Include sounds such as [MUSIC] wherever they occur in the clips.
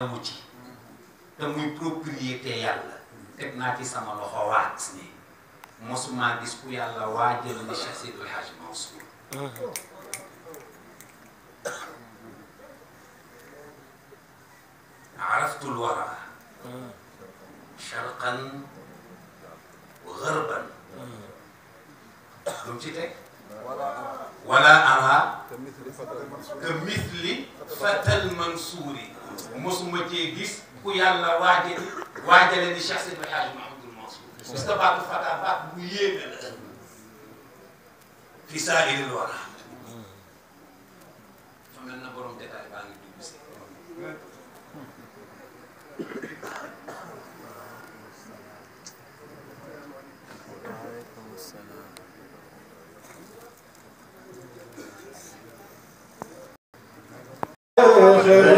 mu ci te muy propriété yàlla teg naa ci sama loxo waat ni mosuma gis ku yàlla waajal ni Cheikh Seydil Hadji Mansour عرفت الورى شرقا وغربا ولا أرى مثل فتى المنصوري ومصمم تيجيس كي يلا واجد واجد اللي شخص بحاجة محمود المنصور مصطفى الفتى فات بيجي في سائر الورى فمن نبرم تتعب عن الدوسي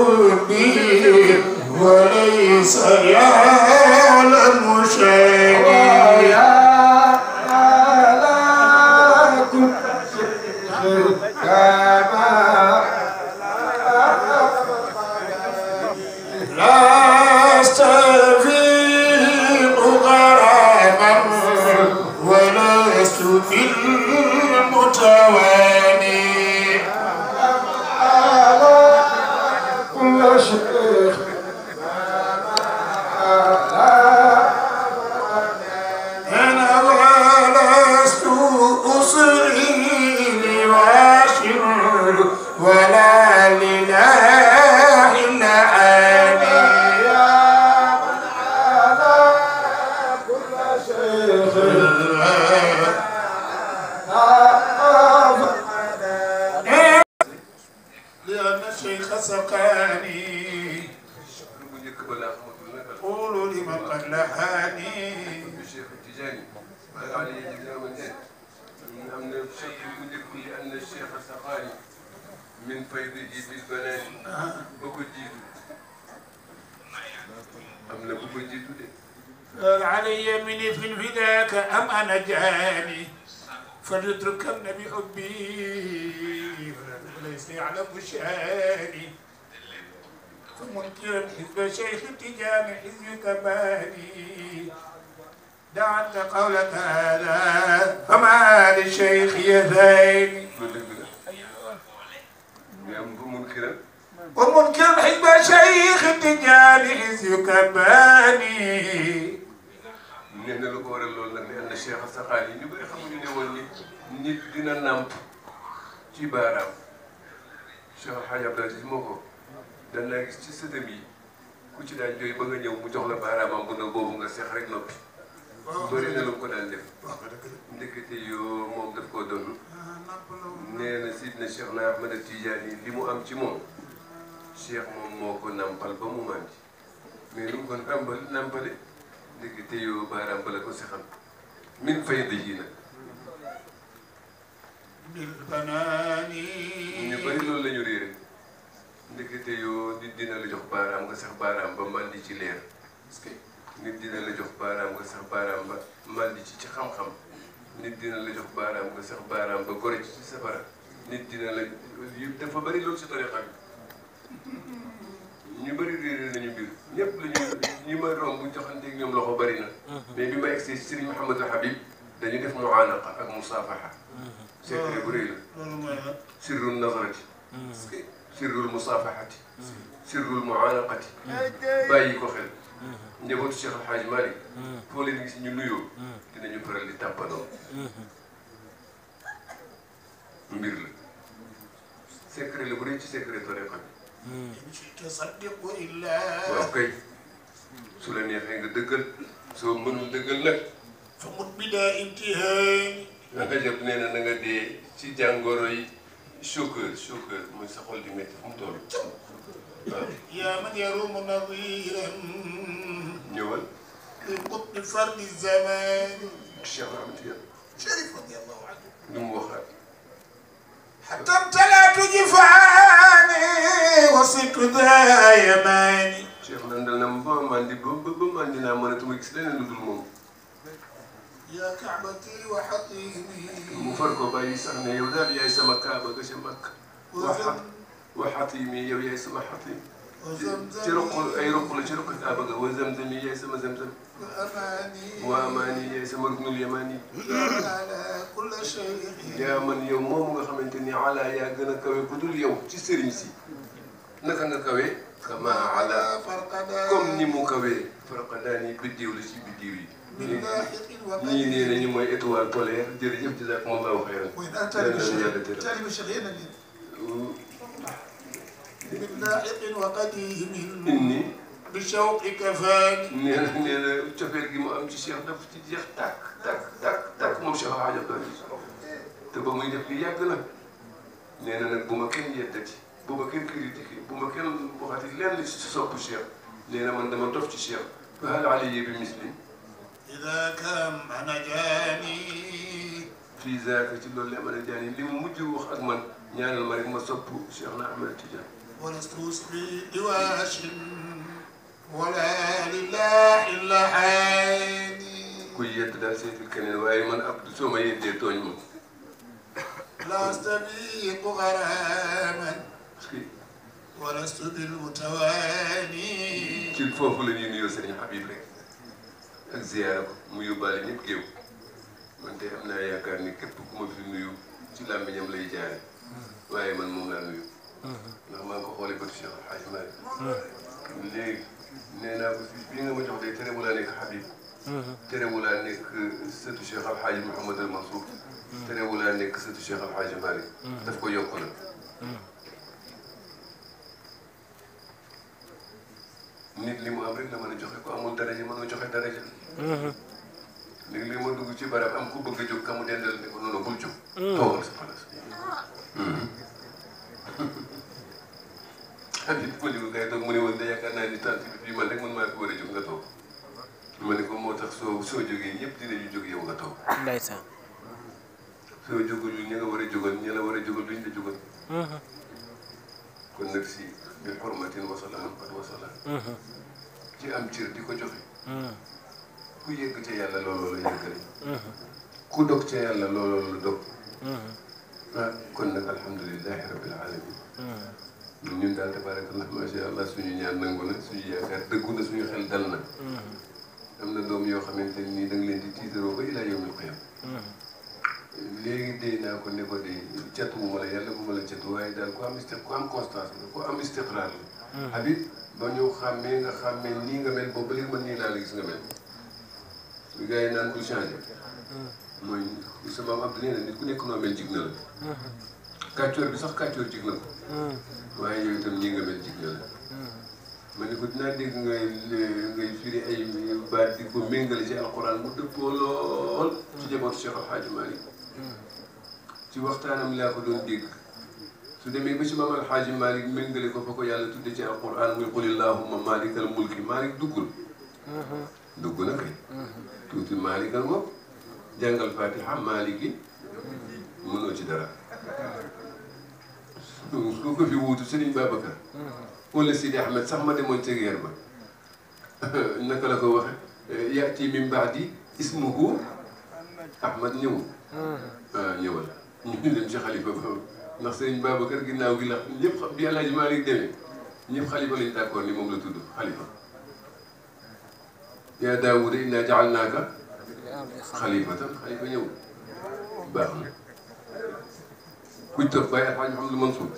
por ولا من faydihi bil banani ba ko jiitu am جيتو دي قال علي مني في الفداك أم أنا جاني فلترك النبي ولا وليس يعلم شاني فمنكرا حزب شيخ تجان حزب كباني دعت قولك هذا فما للشيخ يدين كلام ومنكر حب شيخ الدجال حز يكباني من هنا لقور اللول لأن الشيخ السقالي نبري خمجي نولي ندنا نمت تبارا شيخ الحاج عبد العزيز موكو دنا جيس تسدمي كوتي دا جوي بغا نيو مو جوخ لا بارا مام بو نوبو bëri na lu ko daan def ndekete yoo moom daf koo doon nee na sidna Cheikh na Ahmada Tidiane li mu am ci moom Cheikh moom moo ko nampal ba mu màndi mais lu ko nampal ndekete yoo baaraam bala loolu la ñu réere ndekete dina la jox ba màndi ci leer nit dina la jox baaraam nga sax baaraam ba màndi ci ci xam-xam nit dina la jox baaraam nga sax baaraam ba gore ci ci safara nit dina la yëpp dafa bëri loolu si tarixa bi ñu bëri réeré nañu mbir ñëpp lañu ñu ma romb bu joxanteeg ñoom loxo bëri na mhm. mais bi ma egsee si Serigne Mouhamadou Habib dañu def muaanaqa ak musaafaha mhm. secret bu rëy la sirru nazarati mhm. sirrul musafahati, sirrul muaanaqati bàyyi ko xel njabootu Cheikh El Hadj Malick foo leen gis ñu nuyoo dinañu faral di tàppanoo mbir la secret la bu dee ci secret tariqa bi waaw kay su la neexee nga dëggal soo mënul dëggal nag famut bi daa intihaay na nga شكر شكر ما يسقل دي ميت فمتول يا من يروم نظيرا نول لقطب فرد الزمان الشيخ رحمة الله شريف رضي الله عنه نمو خير حتى امتلأت جفعاني وصرت ذا يماني شيخ لندن نمبا بوم بوم بوب عندي نامانة ويكسلين لدول مو يا كعبتي وحطيمي مفرقو بايسان يودال يا اسم كعبة قش مكة وحطيمي يا اسم حطيمي جرق يرق لجرق كعبة وزمزم يا اسم زمزم وأماني يا اسم ركن اليماني كل شيء يا من يوم خمنتني على يا جنك وكل يوم تسرمسي naka nga kawe kama ala comme ni mu بدي farqadaani biddiw la ci ñii nee nañu mooy étoile polaire jërëjëf jazakumullahu xayran. mooy daal taalibu Cheikh taalibu Cheikh yéen a ngi. min laaxiqin wa qadiimin. inni. bi shawqi kafaak. nee na nee na cofeel gi mu am ci Cheikh daf ci jeex tàkk tàkk tàkk tàkk moom Cheikh Hadj Abdoulaye te ba muy def li yàgg na nee na nag bu ma kenn yeddati bu ma kenn critiqué bu ma kenn waxati lenn ci sopp Cheikh nee na man dama dof ci Cheikh. waaw Aliou bi muslim إذا أنا منجاني في ذاك ci loolu أنا manajani li mu mujj wax ak man ñaanal ma rek ma sopp Cheikh na Ahmed Tidiane ولست أسقي لواش ولا لله إلا عيني كل يتدا سيف الكنين واي من أبد سوما يدي توني من لا أستبيق غراما ولست بالمتواني كل فوق لن ينيو سرين حبيب لك ak ziyaara mu yóbbaale ñëpp géew man tey am naa ni képp ku ma fi nuyu ci làmmiñam lay jaare waaye man moom laa nuyu ndax maa ko xoolee bët Cheikh Hadj Malick léegi nee naa ko fii bii nga ma jox day terewul a nekk Habib terewul a nekk sëtu Cheikh Al Hadj Mouhamad Al Mansour terewul a nekk sëtu Cheikh Al Hadj Malick daf ko yokk na nit li mu am rek la mën a joxe ku amul daraja mënoo joxe daraja. Mhm. léegi li ma dugg ci barab am ku bëgg a jóg ka mu ko noonu nga pël yi mu ne woon de yaakaar naa ni tànt man rek man maa fi war a jóg nga toog. ma ne ko moo tax soo soo jógee ñëpp dinañu jóg yow nga toog. ndeysaan. soo jógul ñu war a jógal ña war a jógal duñ la jógal. Mhm. kon nag si min xormatin wasalaam qad wasala mhm. ci am cër di ko joxe mhm. ku yëgg ca yàlla looloo la yëggale mhm. ku dog ca yàlla looloo la dog ah, kon nag alhamdulilahi rabbil alamin ñun ñun daal tabaarakallah macha allah suñu ñaan nangu na suñu yaakaar dëggu na suñu xel dal na am na doom yoo xamante nii da nga leen di tiitaroo ba ilaa yawmil qiyaama léegi dee naa ko ne ko de catuwuma la yàlla bu ma la catu waaye daal ku am isti ku am constance la ku am istiqraar la hmm. habib ba ñu xàmmee nga xàmmee nii nga mel boobu léegi man nii laa la gis nga mel li gars yi naan bul changé hmm. mooy sama Abdou nee na nit ku nekk noo mel jig na la hmm. kàccoor bi sax kàccoor jig na ko waaye yow itam nii nga mel jig na la ma ne ko dinaa dégg ngay ngay firi ay baat di ko méngale ci alquran mu dëppoo lool ci jamono Cheikh Al Hadj Malick ci waxtaanam laa ko doon dégg su demee ba ci maam alxaaji Malick méngale ko fa ko yàlla tudde ci alquran muy qul illahumma malikal mulki Malick duggul dugg na kay tuuti Malikal ngoog jàngal fatiha Malick yi mënoo ci dara su ko ko fi wuutu Serigne Babacar wala Sidi Ahmed sax ma demoon ca guerre ba [LAUGHS] naka la ko waxe yaati min baadi ismuhu Ahmad ñëwul waaw ñëwal ñu dem ci xalifa ba ndax sëriñ Babacar ginnaaw gi la ñëpp xam bi El Hadj Malick demee ñëpp xalifa lañ d'accord ni moom la tudd xalifa yaa Daawuda inna ja'alnaaka xalifatan xalifa ñëw baax na kuy topp bay Alxaaji Mouhamadou Mansour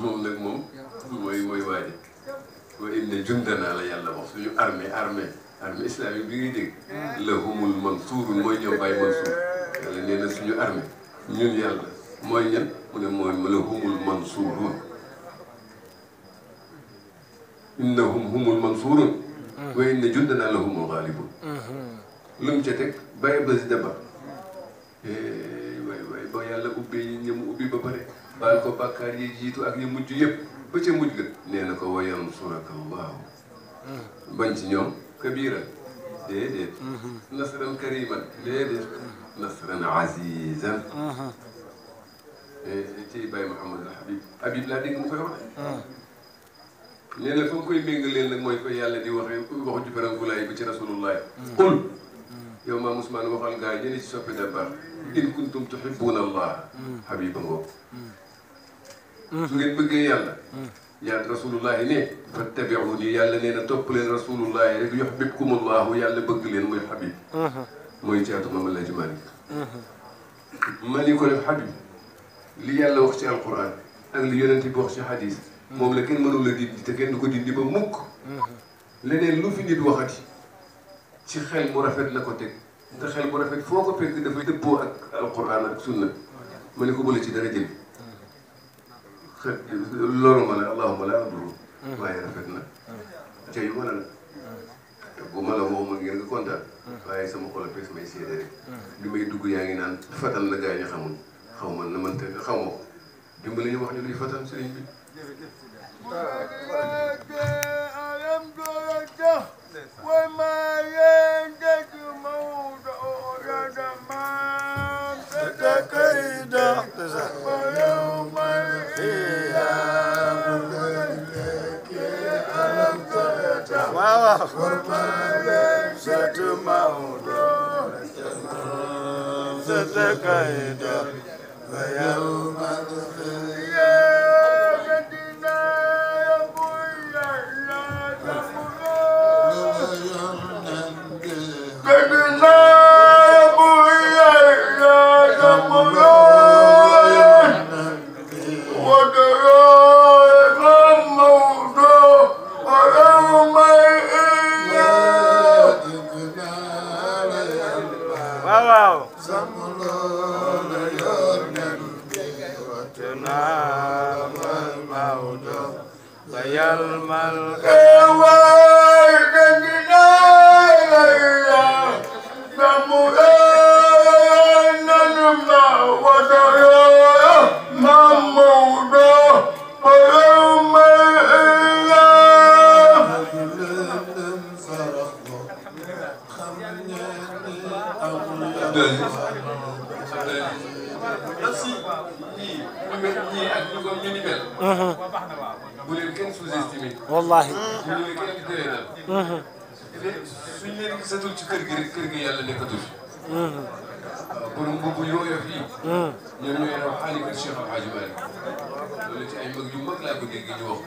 moom nag moom mooy mooy waaje wa inna jundanaa la yàlla wax suñu armée armée armée islamique bi ngay dégg la humul mansuurun mooy ñoom bàyyi mansuur yàlla nee na suñu armée ñun yàlla mooy ñan mu ne mooy la humul mansuurun innahum humul mansuurun wa inna jundanaa la humul gaalibun lu mu ca teg bàyyi bés daba eh, waay waay ba yàlla ubbee yi ñamu ubbi ba pare baal ko bàkkaar yi jiitu ak yi mujj yëpp ba ca mujj ga nee ko wa yansuraka allahu bañ ci ñoom كبيرة ليه ليه نصرا كريما ليه ليه نصرا عزيزا اها انت إيه، إيه، باي محمد الحبيب ابي بلادي مو فاهم نيلا فون كوي مينغل لك موي فا يالا دي وخي وخو جبران غولاي بي رسول الله أه. قل أه. يوم ما عثمان وخال غاي ني سي سوبي دبار ان كنتم تحبون الله أه. يا رسول الله ني فاتبعوني يا اللي نينا توبلين رسول الله يا يحببكم الله يا اللي بقلين مي حبيب مي جاتو مم الله جمالي مالي كل حبيب لي يلا وقتي القران اك لي يونتي بوخشي حديث موم لا كين مانو لا دي تي كين دوكو دي ديبا موك لنين لو في نيت وقتي سي خيل مو رافيت لاكو تك دا خيل مو رافيت فوكو بيك دا فاي دبو اك القران اك سنه مالي كو بولي سي دارا جيل fekk loolu ma ne allahuma la adru waaye rafet na te yu ma ne la te bu ma la woo ma ngeen nga kontaan waaye sama xol bés may seede rek may dugg yaa ngi naan fatal la gaa yi ñu ma na man te xaw ma ko dimbali ñu wax ñu luy fatal sëriñ bi There's a waaw waaw wallaahi. suñ leen gisatul ci kër gi rek kër gi yàlla nekkatul. borom mbubb yooyu fii. ñoom ñooy wax xaalikul Cheikh Al Hadj Malick loolu ci ay mag yu mag laa ko dégg ñu wax.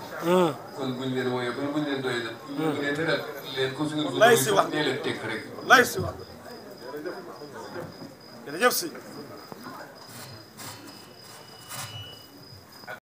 kon buñ leen wooyee ba buñ leen doyee nag. buñ leen tëral leen ko suñu. lay si wax leen teg rek. lay si wax jërëjëf si.